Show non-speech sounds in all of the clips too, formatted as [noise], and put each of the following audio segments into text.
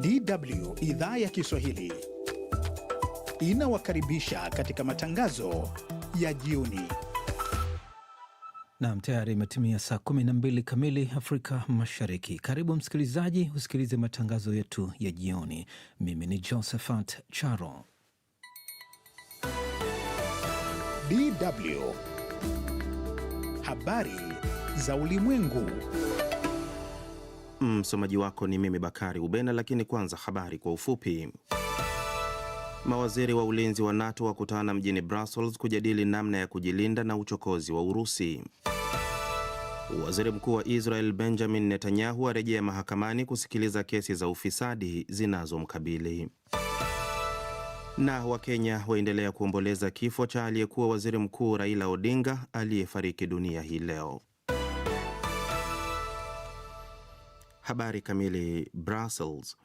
DW idhaa ya Kiswahili inawakaribisha katika matangazo ya jioni. Nam, tayari imetimia saa 12 kamili Afrika Mashariki. Karibu msikilizaji, usikilize matangazo yetu ya jioni. Mimi ni Josephat Charo. DW habari za ulimwengu Msomaji wako ni mimi Bakari Ubena, lakini kwanza habari kwa ufupi. Mawaziri wa ulinzi wa NATO wakutana mjini Brussels kujadili namna ya kujilinda na uchokozi wa Urusi. Waziri Mkuu wa Israel Benjamin Netanyahu arejea mahakamani kusikiliza kesi za ufisadi zinazomkabili. Na Wakenya waendelea kuomboleza kifo cha aliyekuwa waziri mkuu Raila Odinga aliyefariki dunia hii leo. Habari kamili. Brussels.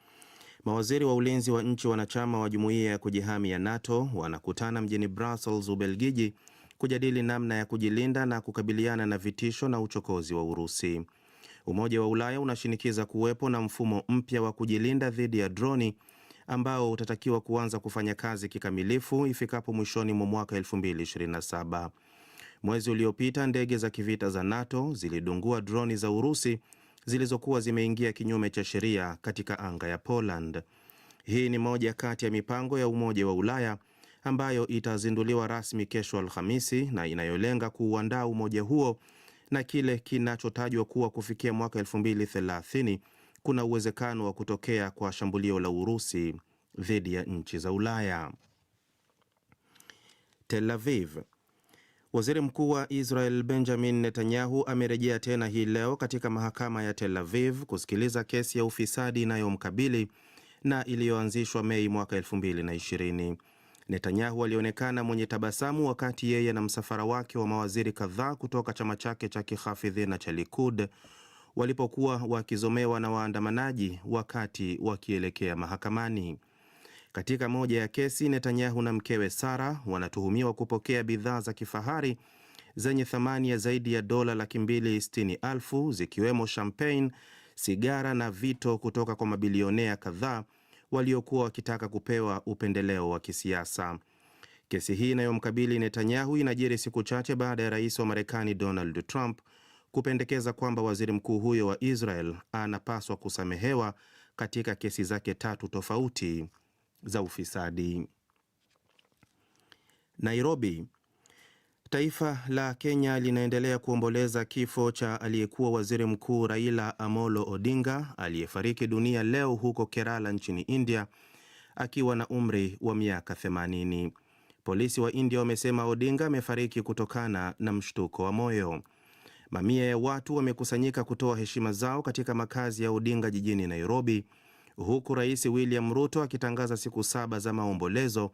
Mawaziri wa ulinzi wa nchi wanachama wa jumuiya ya kujihami ya NATO wanakutana mjini Brussels, Ubelgiji, kujadili namna ya kujilinda na kukabiliana na vitisho na uchokozi wa Urusi. Umoja wa Ulaya unashinikiza kuwepo na mfumo mpya wa kujilinda dhidi ya droni ambao utatakiwa kuanza kufanya kazi kikamilifu ifikapo mwishoni mwa mwaka 2027. Mwezi uliopita ndege za kivita za NATO zilidungua droni za Urusi zilizokuwa zimeingia kinyume cha sheria katika anga ya Poland. Hii ni moja kati ya mipango ya Umoja wa Ulaya ambayo itazinduliwa rasmi kesho Alhamisi na inayolenga kuuandaa umoja huo na kile kinachotajwa kuwa kufikia mwaka 2030 kuna uwezekano wa kutokea kwa shambulio la Urusi dhidi ya nchi za Ulaya. Tel Aviv Waziri Mkuu wa Israel Benjamin Netanyahu amerejea tena hii leo katika mahakama ya Tel Aviv kusikiliza kesi ya ufisadi inayomkabili na iliyoanzishwa Mei mwaka 2020. Netanyahu alionekana mwenye tabasamu wakati yeye na msafara wake wa mawaziri kadhaa kutoka chama chake cha kihafidhi na cha Likud walipokuwa wakizomewa na waandamanaji wakati wakielekea mahakamani. Katika moja ya kesi, Netanyahu na mkewe Sara wanatuhumiwa kupokea bidhaa za kifahari zenye thamani ya zaidi ya dola laki mbili sitini elfu zikiwemo champagne, sigara na vito kutoka kwa mabilionea kadhaa waliokuwa wakitaka kupewa upendeleo wa kisiasa. Kesi hii inayomkabili Netanyahu inajiri siku chache baada ya rais wa Marekani Donald Trump kupendekeza kwamba waziri mkuu huyo wa Israel anapaswa kusamehewa katika kesi zake tatu tofauti za ufisadi. Nairobi. Taifa la Kenya linaendelea kuomboleza kifo cha aliyekuwa waziri mkuu Raila Amolo Odinga aliyefariki dunia leo huko Kerala nchini India akiwa na umri wa miaka 80. Polisi wa India wamesema Odinga amefariki kutokana na mshtuko wa moyo. Mamia ya watu wamekusanyika kutoa heshima zao katika makazi ya Odinga jijini Nairobi huku Rais William Ruto akitangaza siku saba za maombolezo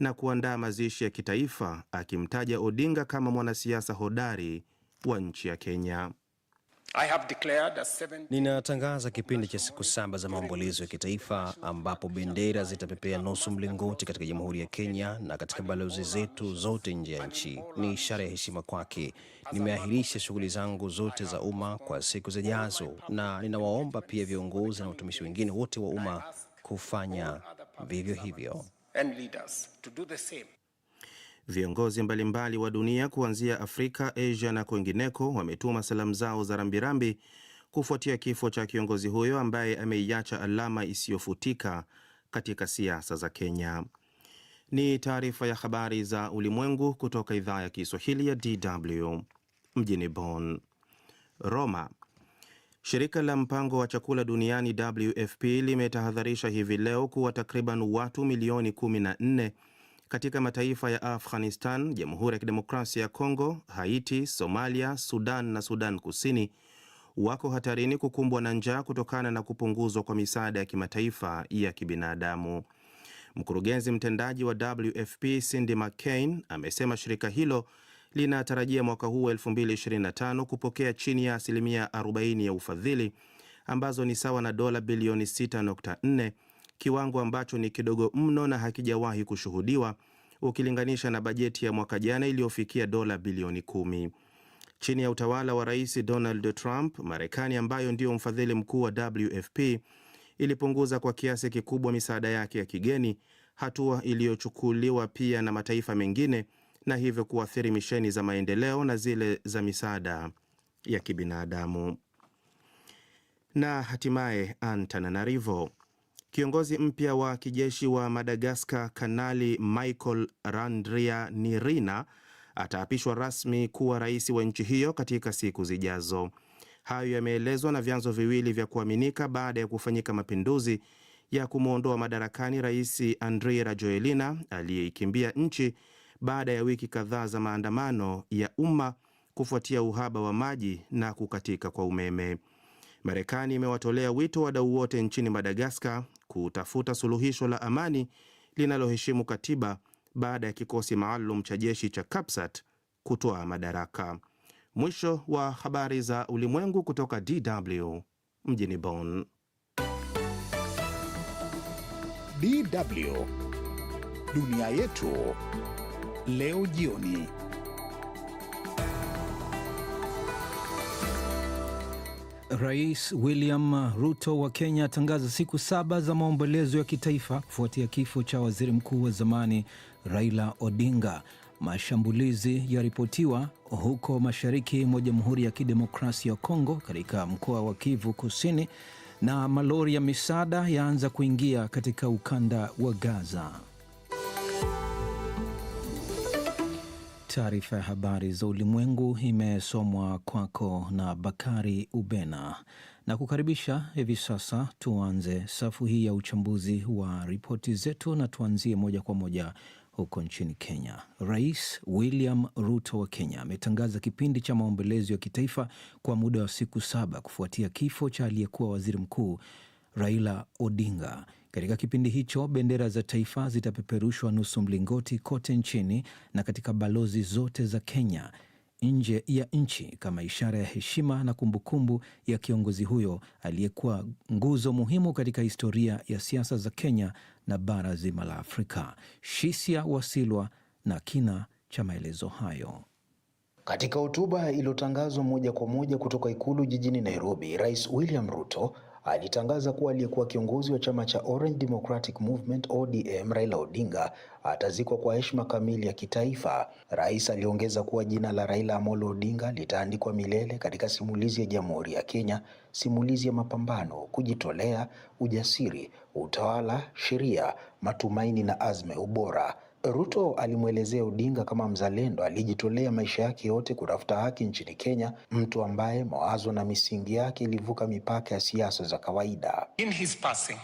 na kuandaa mazishi ya kitaifa akimtaja Odinga kama mwanasiasa hodari wa nchi ya Kenya. I have declared a Ninatangaza kipindi cha siku saba za maombolezo ya kitaifa ambapo bendera zitapepea nusu mlingoti katika Jamhuri ya Kenya na katika balozi zetu zote nje ya nchi. Ni ishara ya heshima kwake. Nimeahirisha shughuli zangu zote za umma kwa siku zijazo, na ninawaomba pia viongozi na watumishi wengine wote wa umma kufanya vivyo hivyo. Viongozi mbalimbali wa dunia kuanzia Afrika, Asia na kwingineko wametuma salamu zao za rambirambi kufuatia kifo cha kiongozi huyo ambaye ameiacha alama isiyofutika katika siasa za Kenya. Ni taarifa ya habari za ulimwengu kutoka idhaa ya Kiswahili ya DW mjini Bonn. Roma. Shirika la mpango wa chakula duniani WFP limetahadharisha hivi leo kuwa takriban watu milioni 14 katika mataifa ya Afghanistan, Jamhuri ya Kidemokrasia ya Kongo, Haiti, Somalia, Sudan na Sudan Kusini wako hatarini kukumbwa na njaa kutokana na kupunguzwa kwa misaada ya kimataifa ya kibinadamu. Mkurugenzi mtendaji wa WFP Cindy McCain amesema shirika hilo linatarajia mwaka huu 2025 kupokea chini ya asilimia 40 ya ufadhili ambazo ni sawa na dola bilioni 6.4 kiwango ambacho ni kidogo mno na hakijawahi kushuhudiwa ukilinganisha na bajeti ya mwaka jana iliyofikia dola bilioni kumi. Chini ya utawala wa Rais Donald Trump, Marekani ambayo ndiyo mfadhili mkuu wa WFP ilipunguza kwa kiasi kikubwa misaada yake ya kigeni, hatua iliyochukuliwa pia na mataifa mengine na hivyo kuathiri misheni za maendeleo na zile za misaada ya kibinadamu. Na hatimaye Antananarivo Kiongozi mpya wa kijeshi wa Madagaskar, Kanali Michael Randrianirina ataapishwa rasmi kuwa rais wa nchi hiyo katika siku zijazo. Hayo yameelezwa na vyanzo viwili vya kuaminika baada ya kufanyika mapinduzi ya kumwondoa madarakani rais Andry Rajoelina aliyeikimbia nchi baada ya wiki kadhaa za maandamano ya umma kufuatia uhaba wa maji na kukatika kwa umeme. Marekani imewatolea wito wadau wote nchini Madagaskar kutafuta suluhisho la amani linaloheshimu katiba baada ya kikosi maalum cha jeshi cha Kapsat kutoa madaraka. Mwisho wa habari za ulimwengu kutoka DW mjini Bonn. DW Dunia Yetu Leo Jioni. Rais William Ruto wa Kenya atangaza siku saba za maombolezo ya kitaifa kufuatia kifo cha waziri mkuu wa zamani Raila Odinga. Mashambulizi yaripotiwa huko mashariki mwa Jamhuri ya Kidemokrasia ya Kongo katika mkoa wa Kivu Kusini na malori ya misaada yaanza kuingia katika ukanda wa Gaza. Taarifa ya habari za ulimwengu imesomwa kwako na Bakari Ubena na kukaribisha hivi sasa. Tuanze safu hii ya uchambuzi wa ripoti zetu na tuanzie moja kwa moja huko nchini Kenya. Rais William Ruto wa Kenya ametangaza kipindi cha maombolezo ya kitaifa kwa muda wa siku saba kufuatia kifo cha aliyekuwa waziri mkuu Raila Odinga. Katika kipindi hicho bendera za taifa zitapeperushwa nusu mlingoti kote nchini na katika balozi zote za Kenya nje ya nchi kama ishara ya heshima na kumbukumbu ya kiongozi huyo aliyekuwa nguzo muhimu katika historia ya siasa za Kenya na bara zima la Afrika. Shisia Wasilwa na kina cha maelezo hayo. Katika hotuba iliyotangazwa moja kwa moja kutoka ikulu jijini Nairobi, Rais William Ruto alitangaza kuwa aliyekuwa kiongozi wa chama cha Orange Democratic Movement ODM Raila Odinga atazikwa kwa heshima kamili ya kitaifa. Rais aliongeza kuwa jina la Raila Amolo Odinga litaandikwa milele katika simulizi ya Jamhuri ya Kenya, simulizi ya mapambano, kujitolea, ujasiri, utawala, sheria, matumaini na azma ya ubora. Ruto alimwelezea Odinga kama mzalendo alijitolea maisha yake yote kutafuta haki nchini Kenya, mtu ambaye mawazo na misingi yake ilivuka mipaka ya siasa za kawaida. In his passing,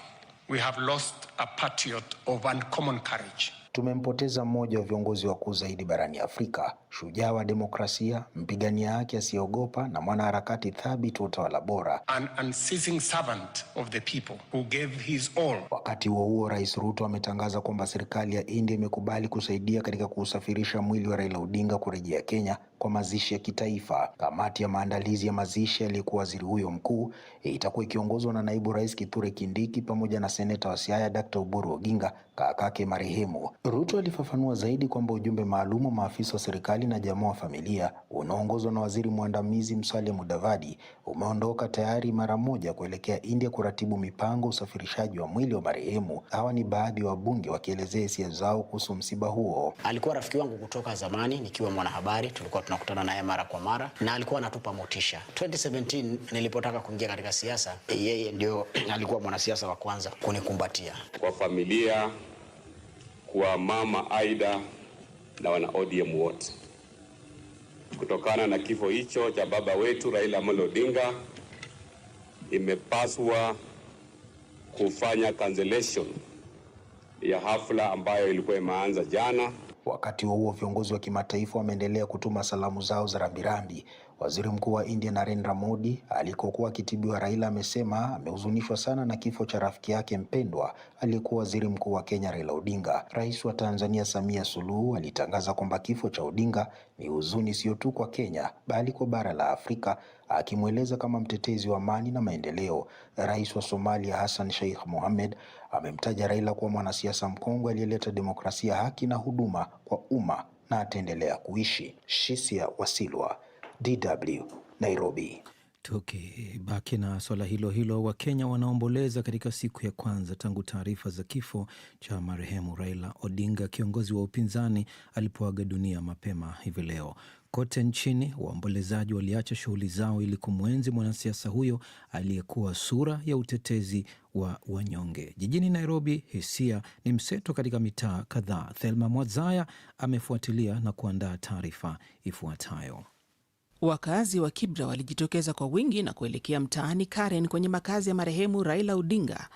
we have lost a patriot of uncommon courage. Tumempoteza mmoja wa viongozi wakuu zaidi barani Afrika, shujaa wa demokrasia, mpigania haki asiyeogopa na mwanaharakati thabiti wa utawala bora. An unceasing servant of the people who gave his all. Wakati huo huo, Rais Ruto ametangaza kwamba serikali ya India imekubali kusaidia katika kuusafirisha mwili wa Raila Odinga kurejea Kenya kwa mazishi ya kitaifa. Kamati ya maandalizi ya mazishi aliyekuwa waziri huyo mkuu eh, itakuwa ikiongozwa na naibu rais Kithure Kindiki pamoja na seneta wa Siaya Dr. Oburu Oginga, kakake marehemu. Ruto alifafanua zaidi kwamba ujumbe maalum wa maafisa wa serikali na jamaa wa familia unaoongozwa na waziri mwandamizi Musalia Mudavadi umeondoka tayari mara moja kuelekea India kuratibu mipango usafirishaji wa mwili wa marehemu. Hawa ni baadhi ya wabunge wakielezea hisia zao kuhusu msiba huo. Alikuwa rafiki wangu kutoka zamani, nikiwa mwanahabari, tulikuwa tunakutana naye mara kwa mara na alikuwa anatupa motisha. 2017 nilipotaka kuingia katika siasa, yeye ndio [clears throat] alikuwa mwanasiasa wa kwanza kunikumbatia. Kwa familia kwa mama Aida na wana ODM wote kutokana na kifo hicho cha baba wetu Raila Amolo Odinga, imepaswa kufanya cancellation ya hafla ambayo ilikuwa imeanza jana. Wakati huo huo, viongozi wa kimataifa wameendelea kutuma salamu zao za rambirambi Waziri Mkuu wa India Narendra Modi alikokuwa akitibiwa Raila amesema amehuzunishwa sana na kifo cha rafiki yake mpendwa aliyekuwa waziri mkuu wa Kenya Raila Odinga. Rais wa Tanzania Samia Suluhu alitangaza kwamba kifo cha Odinga ni huzuni sio tu kwa Kenya bali kwa bara la Afrika, akimweleza kama mtetezi wa amani na maendeleo. Rais wa Somalia Hassan Sheikh Mohamed amemtaja Raila kuwa mwanasiasa mkongwe aliyeleta demokrasia, haki na huduma kwa umma na ataendelea kuishi. Shisia Wasilwa DW Nairobi. Tukibaki na swala hilo hilo, Wakenya wanaomboleza katika siku ya kwanza tangu taarifa za kifo cha marehemu Raila Odinga, kiongozi wa upinzani, alipoaga dunia mapema hivi leo. Kote nchini waombolezaji waliacha shughuli zao ili kumwenzi mwanasiasa huyo aliyekuwa sura ya utetezi wa wanyonge. Jijini Nairobi, hisia ni mseto katika mitaa kadhaa. Thelma Mwazaya amefuatilia na kuandaa taarifa ifuatayo. Wakazi wa Kibra walijitokeza kwa wingi na kuelekea mtaani Karen kwenye makazi ya marehemu Raila Odinga.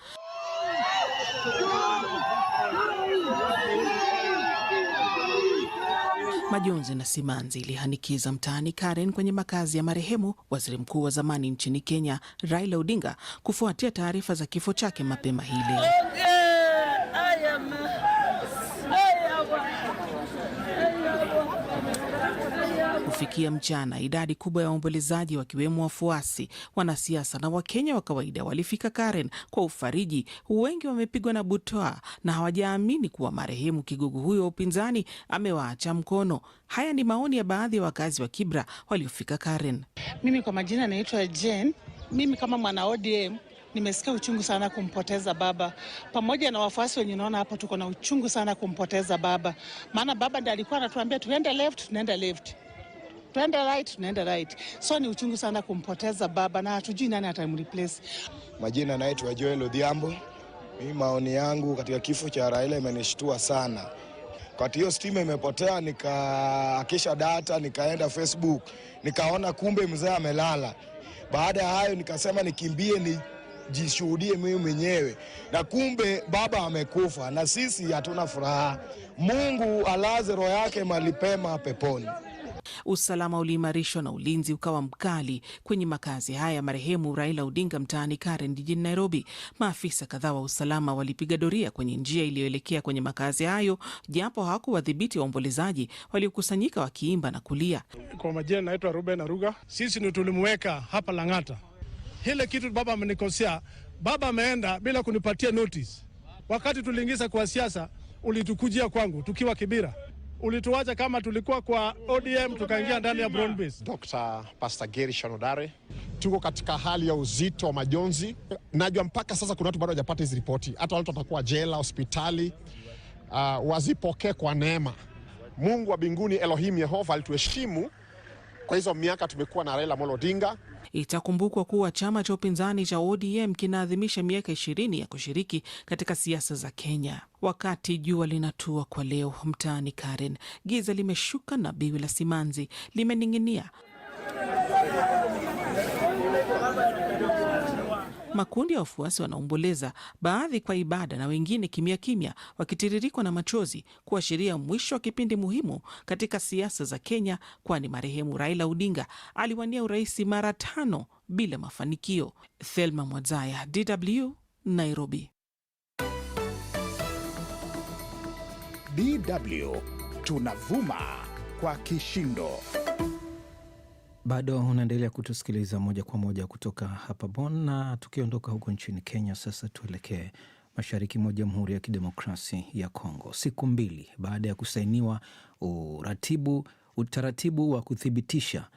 Majonzi na simanzi ilihanikiza mtaani Karen kwenye makazi ya marehemu waziri mkuu wa zamani nchini Kenya Raila Odinga kufuatia taarifa za kifo chake mapema hii leo. Kufikia mchana, idadi kubwa ya waombolezaji wakiwemo wafuasi, wanasiasa na Wakenya wa kawaida walifika Karen kwa ufariji. Wengi wamepigwa na butoa na hawajaamini kuwa marehemu kigogo huyo wa upinzani amewaacha mkono. Haya ni maoni ya baadhi ya wakazi wa Kibra waliofika Karen. Mimi kwa majina naitwa Jane. Mimi kama mwana ODM nimesikia uchungu sana kumpoteza baba, pamoja na wafuasi wenye naona hapo, tuko na uchungu sana kumpoteza baba, maana baba ndiye alikuwa anatuambia tuende left, tunaenda left Tuende right, tunaenda right. So ni uchungu sana kumpoteza baba na hatujui nani atamreplace. Majina naitwa Joel Odhiambo. Mimi maoni yangu katika kifo cha Raila imenishtua sana. Wakati hiyo stima imepotea, nikaakisha data, nikaenda Facebook, nikaona kumbe mzee amelala. Baada ya hayo, nikasema nikimbie ni jishuhudie mimi mwenyewe, na kumbe baba amekufa, na sisi hatuna furaha. Mungu alaze roho yake malipema peponi. Usalama uliimarishwa na ulinzi ukawa mkali kwenye makazi haya ya marehemu Raila Odinga mtaani Karen jijini Nairobi. Maafisa kadhaa wa usalama walipiga doria kwenye njia iliyoelekea kwenye makazi hayo, japo hawakuwadhibiti waombolezaji waliokusanyika wakiimba na kulia. Kwa majina naitwa Ruben Aruga. Sisi ndio tulimweka hapa Lang'ata. Hile kitu baba amenikosea, baba ameenda bila kunipatia notice. Wakati tuliingiza kwa siasa, ulitukujia kwangu tukiwa Kibira ulituacha kama tulikuwa kwa ODM tukaingia ndani ya Brown Base. Dr. Pastor Odare, tuko katika hali ya uzito wa majonzi. Najua mpaka sasa kuna watu bado hawajapata hizi ripoti, hata watu watakuwa jela, hospitali. Uh, wazipokee kwa neema. Mungu wa binguni Elohim Yehova alituheshimu kwa hizo miaka tumekuwa na Raila Amolo Odinga. Itakumbukwa kuwa chama cha upinzani cha ODM kinaadhimisha miaka ishirini ya kushiriki katika siasa za Kenya. Wakati jua linatua kwa leo, mtaani Karen, giza limeshuka na biwi la simanzi limening'inia Makundi ya wafuasi wanaomboleza, baadhi kwa ibada na wengine kimya kimya, wakitiririkwa na machozi kuashiria mwisho wa kipindi muhimu katika siasa za Kenya, kwani marehemu Raila Odinga aliwania urais mara tano bila mafanikio. Thelma Mwazaya, DW Nairobi. DW tunavuma kwa kishindo. Bado unaendelea kutusikiliza moja kwa moja kutoka hapa bon na tukiondoka huko nchini Kenya sasa tuelekee mashariki mwa Jamhuri ya Kidemokrasi ya Kongo. Siku mbili baada ya kusainiwa uratibu utaratibu wa kuthibitisha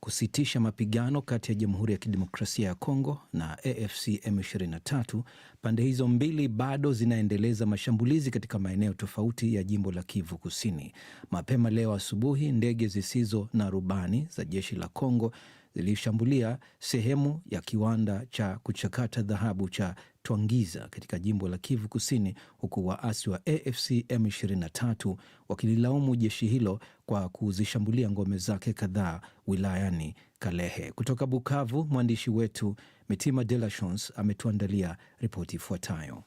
kusitisha mapigano kati ya Jamhuri ya Kidemokrasia ya Kongo na AFC M23, pande hizo mbili bado zinaendeleza mashambulizi katika maeneo tofauti ya jimbo la Kivu Kusini. Mapema leo asubuhi, ndege zisizo na rubani za jeshi la Kongo zilishambulia sehemu ya kiwanda cha kuchakata dhahabu cha Twangiza katika jimbo la Kivu Kusini, huku waasi wa AFC M23 wakililaumu jeshi hilo kwa kuzishambulia ngome zake kadhaa wilayani Kalehe. Kutoka Bukavu, mwandishi wetu Mitima De La Chance ametuandalia ripoti ifuatayo.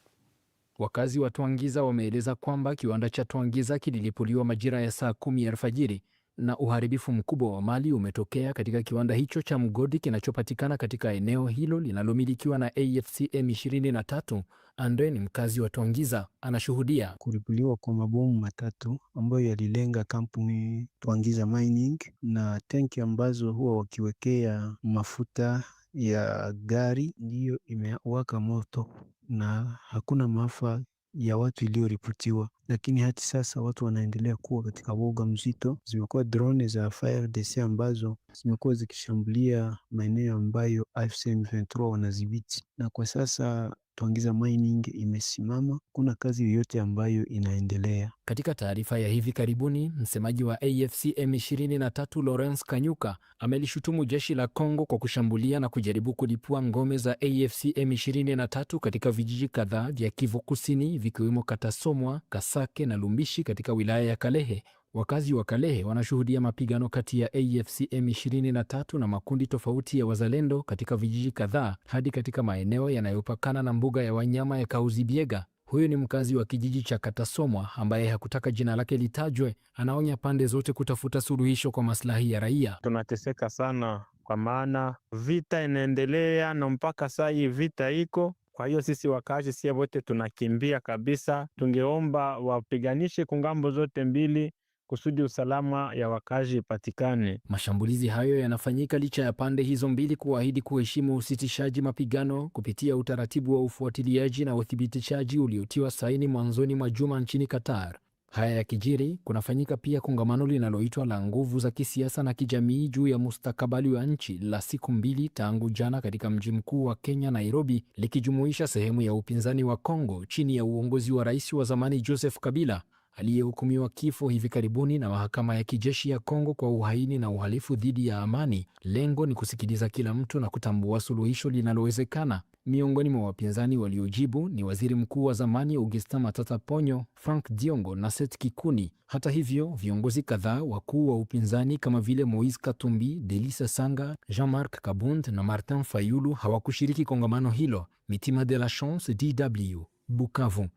Wakazi wa Twangiza wameeleza kwamba kiwanda cha Twangiza kililipuliwa majira ya saa kumi alfajiri na uharibifu mkubwa wa mali umetokea katika kiwanda hicho cha mgodi kinachopatikana katika eneo hilo linalomilikiwa na AFC M23. Andre ni mkazi wa Twangiza, anashuhudia kuripuliwa kwa mabomu matatu ambayo yalilenga kampuni Twangiza Mining na tenki ambazo huwa wakiwekea mafuta ya gari, ndiyo imewaka moto na hakuna maafa ya watu iliyoripotiwa lakini hadi sasa watu wanaendelea kuwa katika woga mzito. Zimekuwa drone za FARDC ambazo zimekuwa zikishambulia maeneo ambayo AFC M23 wanadhibiti, na kwa sasa Twangiza mining imesimama, kuna kazi yoyote ambayo inaendelea. Katika taarifa ya hivi karibuni, msemaji wa AFC M23 Lawrence Kanyuka amelishutumu jeshi la Kongo kwa kushambulia na kujaribu kulipua ngome za AFC M23 katika vijiji kadhaa vya Kivu Kusini, vikiwemo Katasomwa, Kasa Sake na Lumbishi katika wilaya ya Kalehe. Wakazi wa Kalehe wanashuhudia mapigano kati ya AFC M23 na makundi tofauti ya wazalendo katika vijiji kadhaa hadi katika maeneo yanayopakana na mbuga ya wanyama ya Kahuzi-Biega. Huyu ni mkazi wa kijiji cha Katasomwa ambaye hakutaka jina lake litajwe. Anaonya pande zote kutafuta suluhisho kwa maslahi ya raia. Tunateseka sana, kwa maana vita inaendelea na mpaka sai vita iko kwa hiyo sisi wakazi sie wote tunakimbia kabisa. Tungeomba wapiganishe kungambo zote mbili kusudi usalama ya wakazi ipatikane. Mashambulizi hayo yanafanyika licha ya pande hizo mbili kuahidi kuheshimu usitishaji mapigano kupitia utaratibu wa ufuatiliaji na uthibitishaji uliotiwa saini mwanzoni mwa juma nchini Qatar. Haya ya kijiri kunafanyika pia kongamano linaloitwa la nguvu za kisiasa na kijamii juu ya mustakabali wa nchi la siku mbili tangu jana katika mji mkuu wa Kenya, Nairobi, likijumuisha sehemu ya upinzani wa Kongo chini ya uongozi wa rais wa zamani Joseph Kabila aliyehukumiwa kifo hivi karibuni na mahakama ya kijeshi ya Kongo kwa uhaini na uhalifu dhidi ya amani. Lengo ni kusikiliza kila mtu na kutambua suluhisho linalowezekana. Miongoni mwa wapinzani waliojibu ni waziri mkuu wa zamani Augustin Matata Ponyo, Frank Diongo na Seth Kikuni. Hata hivyo, viongozi kadhaa wakuu wa upinzani kama vile Moise Katumbi, Delisa Sanga, Jean-Marc Kabund na Martin Fayulu hawakushiriki kongamano hilo. Mitima de la Chance, DW, Bukavu.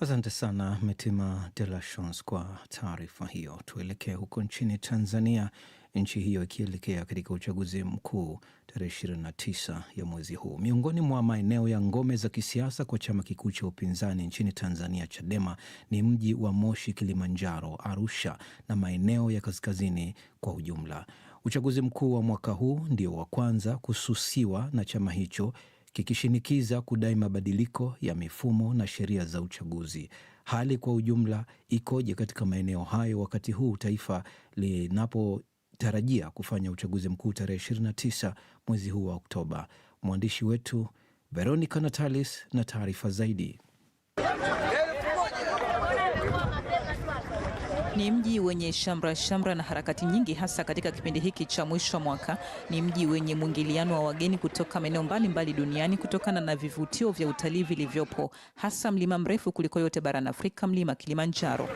Asante sana Metima de la Chance kwa taarifa hiyo. Tuelekee huko nchini Tanzania, nchi hiyo ikielekea katika uchaguzi mkuu tarehe 29 ya mwezi huu. Miongoni mwa maeneo ya ngome za kisiasa kwa chama kikuu cha upinzani nchini Tanzania, Chadema, ni mji wa Moshi, Kilimanjaro, Arusha na maeneo ya kaskazini kwa ujumla. Uchaguzi mkuu wa mwaka huu ndio wa kwanza kususiwa na chama hicho kikishinikiza kudai mabadiliko ya mifumo na sheria za uchaguzi. Hali kwa ujumla ikoje katika maeneo hayo wakati huu taifa linapotarajia kufanya uchaguzi mkuu tarehe 29 mwezi huu wa Oktoba? Mwandishi wetu Veronica Natalis na taarifa zaidi. Ni mji wenye shamra shamra na harakati nyingi, hasa katika kipindi hiki cha mwisho wa mwaka. Ni mji wenye mwingiliano wa wageni kutoka maeneo mbalimbali duniani kutokana na vivutio vya utalii vilivyopo, hasa mlima mrefu kuliko yote barani Afrika, mlima Kilimanjaro.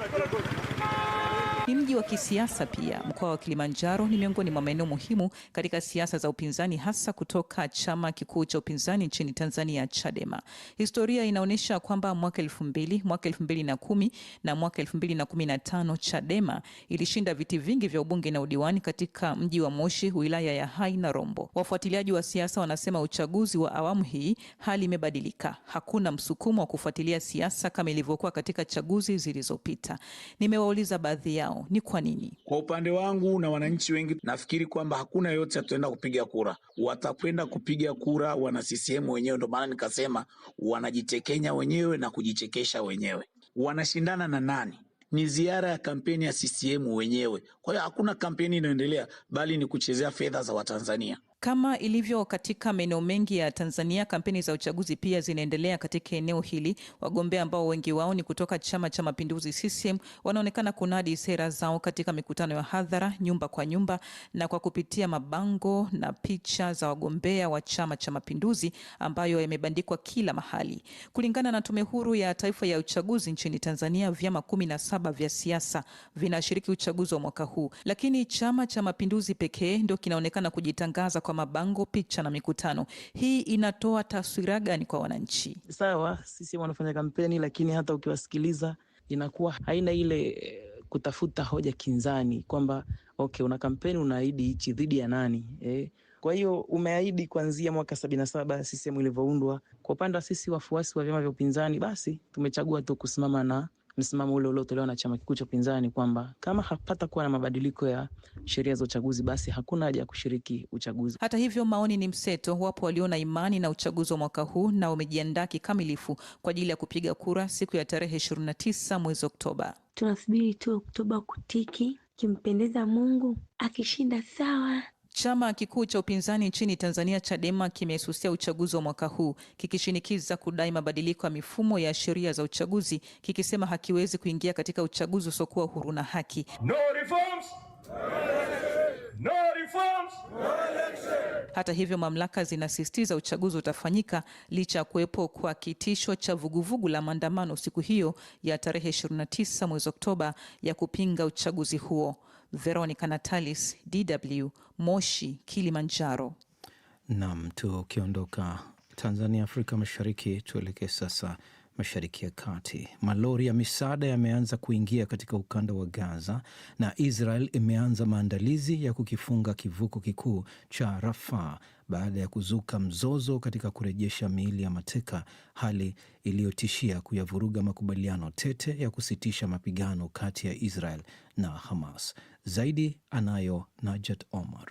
Ni mji wa kisiasa pia. Mkoa wa Kilimanjaro ni miongoni mwa maeneo muhimu katika siasa za upinzani, hasa kutoka chama kikuu cha upinzani nchini Tanzania, Chadema. Historia inaonyesha kwamba mwaka elfu mbili, mwaka elfu mbili na kumi na mwaka elfu mbili na kumi na tano Chadema ilishinda viti vingi vya ubunge na udiwani katika mji wa Moshi, wilaya ya Hai na Rombo. Wafuatiliaji wa siasa wanasema uchaguzi wa awamu hii hali imebadilika. Hakuna msukumo wa kufuatilia siasa kama ilivyokuwa katika chaguzi zilizopita. Nimewauliza baadhi yao yao ni kwa nini. Kwa upande wangu na wananchi wengi, nafikiri kwamba hakuna yote ataenda kupiga kura, watakwenda kupiga kura wana CCM wenyewe. Ndio maana nikasema wanajitekenya wenyewe na kujichekesha wenyewe. Wanashindana na nani? Ni ziara ya kampeni ya CCM wenyewe. Kwa hiyo hakuna kampeni inayoendelea, bali ni kuchezea fedha za Watanzania. Kama ilivyo katika maeneo mengi ya Tanzania, kampeni za uchaguzi pia zinaendelea katika eneo hili. Wagombea ambao wengi wao ni kutoka Chama cha Mapinduzi, CCM, wanaonekana kunadi sera zao katika mikutano ya hadhara, nyumba kwa nyumba, na kwa kupitia mabango na picha za wagombea wa Chama cha Mapinduzi ambayo yamebandikwa kila mahali. Kulingana na Tume Huru ya Taifa ya Uchaguzi nchini Tanzania, vyama kumi na saba vya siasa vinashiriki uchaguzi wa mwaka huu, lakini Chama cha Mapinduzi pekee ndio kinaonekana kujitangaza kwa mabango, picha na mikutano. Hii inatoa taswira gani kwa wananchi? Sawa, sisi wanafanya kampeni, lakini hata ukiwasikiliza inakuwa haina ile eh, kutafuta hoja kinzani kwamba okay, una kampeni unaahidi hichi dhidi ya nani eh? Kwa hiyo umeahidi kuanzia mwaka sabini na saba CCM ilivyoundwa. Kwa upande wa sisi wafuasi wa vyama vya upinzani, basi tumechagua tu kusimama na msimamo ule uliotolewa na chama kikuu cha upinzani kwamba kama hapata kuwa na mabadiliko ya sheria za uchaguzi, basi hakuna haja ya kushiriki uchaguzi. Hata hivyo, maoni ni mseto. Wapo waliona imani na uchaguzi wa mwaka huu na wamejiandaa kikamilifu kwa ajili ya kupiga kura siku ya tarehe 29 mwezi Oktoba. Tunasubiri tu Oktoba kutiki, kimpendeza Mungu akishinda sawa. Chama kikuu cha upinzani nchini Tanzania, Chadema, kimesusia uchaguzi wa mwaka huu kikishinikiza kudai mabadiliko ya mifumo ya sheria za uchaguzi, kikisema hakiwezi kuingia katika uchaguzi usiokuwa huru na haki. No reforms, no reforms, Hata hivyo, mamlaka zinasisitiza uchaguzi utafanyika licha ya kuwepo kwa kitisho cha vuguvugu la maandamano siku hiyo ya tarehe 29 mwezi Oktoba ya kupinga uchaguzi huo. Veronica Natalis, DW, Moshi, Kilimanjaro. Nam, tukiondoka Tanzania, Afrika Mashariki, tuelekee sasa Mashariki ya Kati. Malori ya misaada yameanza kuingia katika ukanda wa Gaza na Israel imeanza maandalizi ya kukifunga kivuko kikuu cha Rafah baada ya kuzuka mzozo katika kurejesha miili ya mateka, hali iliyotishia kuyavuruga makubaliano tete ya kusitisha mapigano kati ya Israel na Hamas. Zaidi anayo Najat Omar.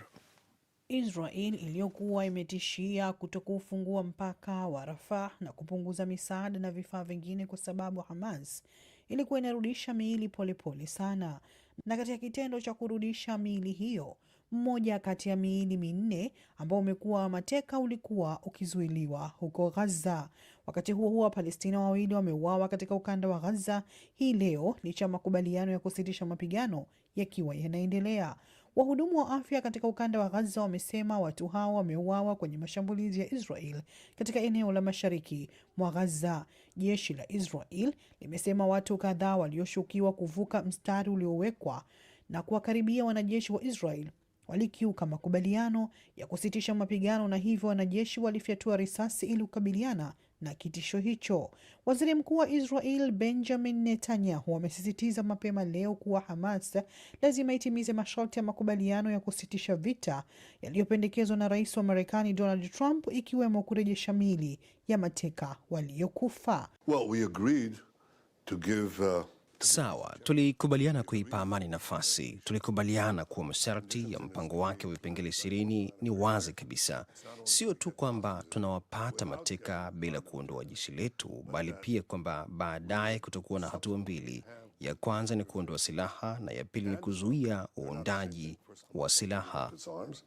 Israel iliyokuwa imetishia kutokuufungua mpaka wa Rafah na kupunguza misaada na vifaa vingine kwa sababu Hamas ilikuwa inarudisha miili polepole pole sana, na katika kitendo cha kurudisha miili hiyo, mmoja kati ya miili minne ambao umekuwa mateka ulikuwa ukizuiliwa huko Gaza. Wakati huo huo, Wapalestina wawili wameuawa katika ukanda wa Gaza hii leo licha ya makubaliano ya kusitisha mapigano yakiwa yanaendelea. Wahudumu wa afya katika ukanda wa Gaza wamesema watu hao wameuawa kwenye mashambulizi ya Israel katika eneo la mashariki mwa Gaza. Jeshi la Israel limesema watu kadhaa walioshukiwa kuvuka mstari uliowekwa na kuwakaribia wanajeshi wa Israel walikiuka makubaliano ya kusitisha mapigano na hivyo wanajeshi walifyatua risasi ili kukabiliana na kitisho hicho. Waziri Mkuu wa Israel Benjamin Netanyahu amesisitiza mapema leo kuwa Hamas lazima itimize masharti ya makubaliano ya kusitisha vita yaliyopendekezwa na rais wa Marekani Donald Trump, ikiwemo kurejesha miili ya mateka waliokufa. Well, we agreed to give, uh... Sawa, tulikubaliana kuipa amani nafasi. Tulikubaliana kuwa masharti ya mpango wake wa vipengele ishirini ni wazi kabisa, sio tu kwamba tunawapata mateka bila kuondoa jeshi letu, bali pia kwamba baadaye kutakuwa na hatua mbili, ya kwanza ni kuondoa silaha na ya pili ni kuzuia uundaji wa silaha.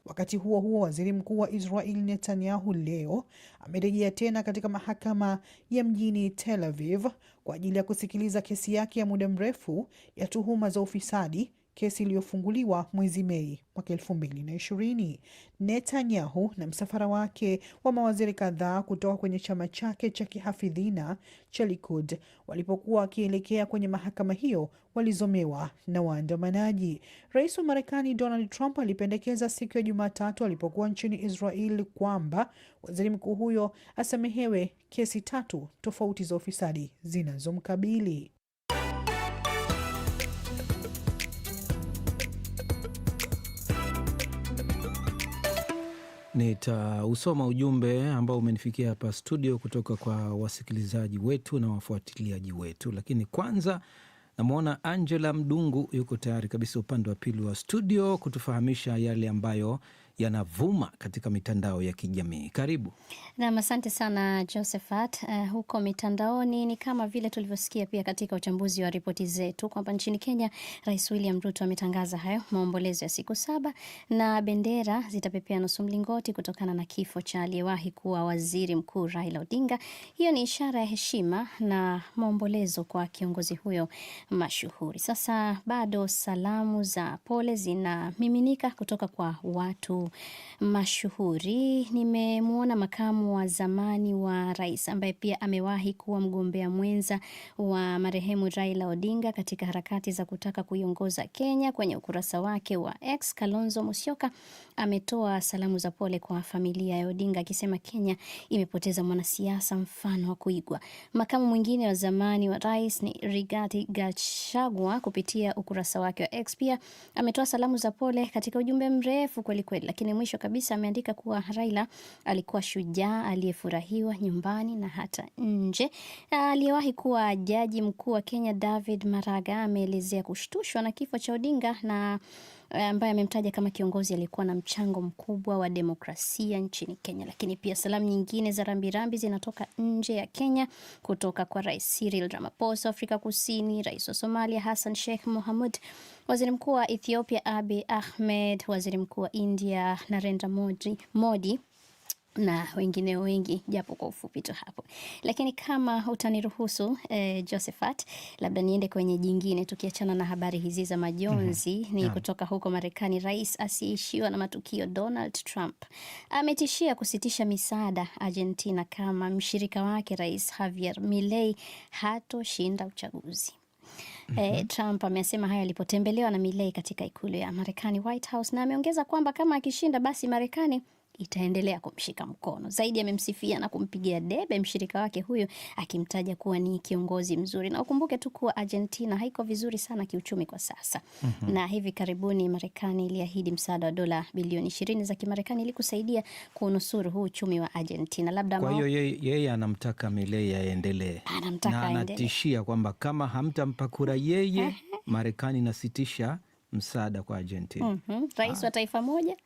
Wakati huo huo, waziri mkuu wa Israel Netanyahu leo amerejea tena katika mahakama ya mjini Tel Aviv kwa ajili ya kusikiliza kesi yake ya muda mrefu ya tuhuma za ufisadi kesi iliyofunguliwa mwezi Mei mwaka elfu mbili na ishirini. Netanyahu na msafara wake wa mawaziri kadhaa kutoka kwenye chama chake cha kihafidhina cha Likud walipokuwa wakielekea kwenye mahakama hiyo walizomewa na waandamanaji. Rais wa Marekani Donald Trump alipendekeza siku ya Jumatatu alipokuwa nchini Israel kwamba waziri mkuu huyo asamehewe kesi tatu tofauti za ufisadi zinazomkabili. Nitausoma ujumbe ambao umenifikia hapa studio kutoka kwa wasikilizaji wetu na wafuatiliaji wetu, lakini kwanza namwona Angela Mdungu yuko tayari kabisa upande wa pili wa studio kutufahamisha yale ambayo yanavuma katika mitandao ya kijamii. Karibu nam. Asante sana Josephat. Uh, huko mitandaoni ni kama vile tulivyosikia pia katika uchambuzi wa ripoti zetu kwamba nchini Kenya Rais William Ruto ametangaza hayo maombolezo ya siku saba na bendera zitapepea nusu mlingoti kutokana na kifo cha aliyewahi kuwa waziri mkuu Raila Odinga. Hiyo ni ishara ya heshima na maombolezo kwa kiongozi huyo mashuhuri. Sasa bado salamu za pole zinamiminika kutoka kwa watu mashuhuri. Nimemwona makamu wa zamani wa rais ambaye pia amewahi kuwa mgombea mwenza wa marehemu Raila Odinga katika harakati za kutaka kuiongoza Kenya. Kwenye ukurasa wake wa X, Kalonzo Musyoka ametoa salamu za pole kwa familia ya Odinga akisema Kenya imepoteza mwanasiasa mfano wa kuigwa. Makamu mwingine wa zamani wa rais ni Rigathi Gachagua kupitia ukurasa wake wa X pia ametoa salamu za pole katika ujumbe mrefu kweli kweli, lakini mwisho kabisa ameandika kuwa Raila alikuwa shujaa aliyefurahiwa nyumbani na hata nje. Aliyewahi kuwa jaji mkuu wa Kenya David Maraga ameelezea kushtushwa na kifo cha Odinga na Eh, ambaye amemtaja kama kiongozi aliyekuwa na mchango mkubwa wa demokrasia nchini Kenya. Lakini pia salamu nyingine za rambirambi zinatoka nje ya Kenya kutoka kwa Rais Cyril Ramaphosa Afrika Kusini, Rais wa Somalia Hassan Sheikh Mohamud, Waziri Mkuu wa Ethiopia Abiy Ahmed, Waziri Mkuu wa India Narendra Modi na wengine wengi japo kwa ufupi tu hapo, lakini kama utaniruhusu eh, Josephat, labda niende kwenye jingine, tukiachana na habari hizi za majonzi mm -hmm. Ni yeah. Kutoka huko Marekani, rais asiishiwa na matukio Donald Trump ametishia kusitisha misaada Argentina kama mshirika wake Rais Javier Milei hatoshinda uchaguzi. Mm -hmm. E, Trump amesema hayo alipotembelewa na Milei katika ikulu ya Marekani, White House, na ameongeza kwamba kama akishinda basi Marekani itaendelea kumshika mkono zaidi. Amemsifia na kumpigia debe mshirika wake huyo akimtaja kuwa ni kiongozi mzuri, na ukumbuke tu kuwa Argentina haiko vizuri sana kiuchumi kwa sasa mm -hmm. na hivi karibuni Marekani iliahidi msaada wa dola bilioni ishirini za Kimarekani ili kusaidia kunusuru huu uchumi wa Argentina. Labda kwa hiyo yeye anamtaka Milei aendelee na anatishia kwamba kama hamtampa kura yeye Marekani inasitisha msaada kwa Argentina. mm -hmm. Rais wa ah. taifa moja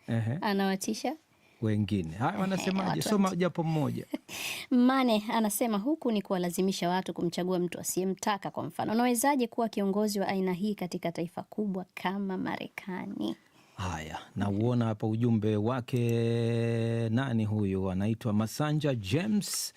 anawatisha wengine. Haya, wanasemaje? Soma japo mmoja. [laughs] Mane anasema huku ni kuwalazimisha watu kumchagua mtu asiyemtaka. Kwa mfano, unawezaje kuwa kiongozi wa aina hii katika taifa kubwa kama Marekani? Haya, nauona hapa ujumbe wake. Nani huyu? Anaitwa Masanja James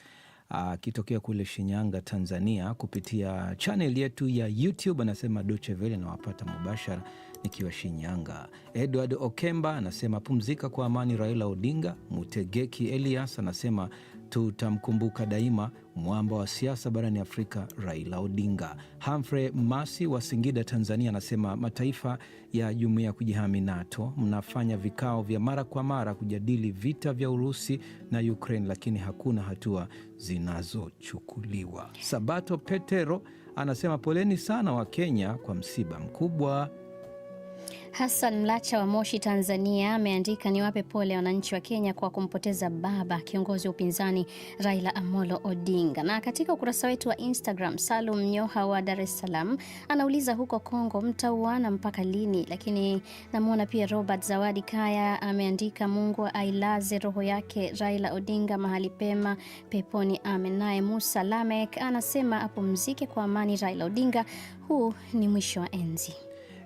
akitokea kule Shinyanga, Tanzania, kupitia chanel yetu ya YouTube. Anasema dochevel anawapata mubashara nikiwa Shinyanga. Edward Okemba anasema pumzika kwa amani Raila Odinga. Mutegeki Elias anasema tutamkumbuka daima mwamba wa siasa barani Afrika, Raila Odinga. Humphrey Masi wa Singida, Tanzania, anasema mataifa ya jumuiya ya kujihami NATO mnafanya vikao vya mara kwa mara kujadili vita vya Urusi na Ukraine, lakini hakuna hatua zinazochukuliwa. Sabato Petero anasema poleni sana wa Kenya kwa msiba mkubwa. Hassan Mlacha wa Moshi, Tanzania ameandika niwape pole wananchi wa Kenya kwa kumpoteza baba kiongozi wa upinzani Raila Amolo Odinga. Na katika ukurasa wetu wa Instagram, Salum Nyoha wa Dar es Salaam anauliza huko Kongo mtauana mpaka lini? Lakini namwona pia Robert Zawadi Kaya ameandika Mungu ailaze roho yake Raila Odinga mahali pema peponi, amen. Naye Musa Lamek anasema apumzike kwa amani Raila Odinga, huu ni mwisho wa enzi.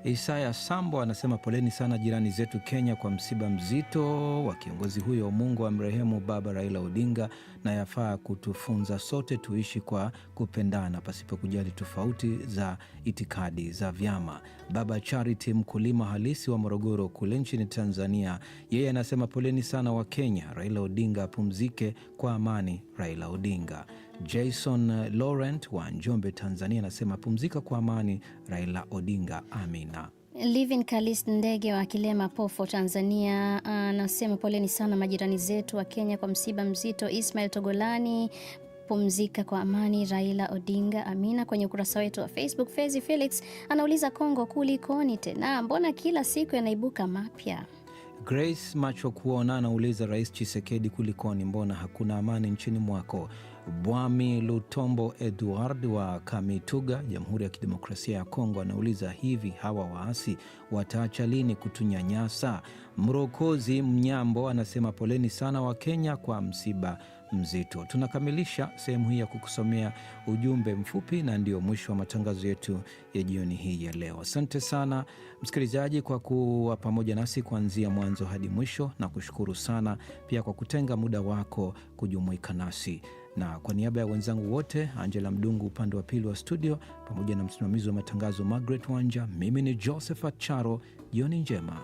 Isaya Sambo anasema poleni sana jirani zetu Kenya kwa msiba mzito wa kiongozi huyo. Mungu amrehemu Baba Raila Odinga, na yafaa kutufunza sote tuishi kwa kupendana pasipo kujali tofauti za itikadi za vyama. Baba Charity, mkulima halisi wa Morogoro kule nchini Tanzania, yeye anasema poleni sana wa Kenya. Raila Odinga apumzike kwa amani. Raila Odinga Jason eh, Laurent wa Njombe, Tanzania, anasema pumzika kwa amani Raila Odinga, amina. Livin Kalis Ndege wa Kilema Pofo, Tanzania, anasema poleni sana majirani zetu wa Kenya kwa msiba mzito. Ismail Togolani pumzika kwa amani Raila Odinga amina. Kwenye ukurasa wetu wa Facebook, Fezi Felix anauliza Kongo kulikoni tena, mbona kila siku yanaibuka mapya? Grace Macho Kuona anauliza Rais Chisekedi, kulikoni, mbona hakuna amani nchini mwako? Bwami Lutombo Edward wa Kamituga, Jamhuri ya Kidemokrasia ya Kongo, anauliza hivi, hawa waasi wataacha lini kutunyanyasa? Mrokozi Mnyambo anasema poleni sana wa kenya kwa msiba mzito. Tunakamilisha sehemu hii ya kukusomea ujumbe mfupi, na ndio mwisho wa matangazo yetu ya jioni hii ya leo. Asante sana msikilizaji kwa kuwa pamoja nasi kuanzia mwanzo hadi mwisho, na kushukuru sana pia kwa kutenga muda wako kujumuika nasi na kwa niaba ya wenzangu wote, Angela Mdungu upande wa pili wa studio, pamoja na msimamizi wa matangazo magret Wanja, mimi ni Josephat Charo. Jioni njema.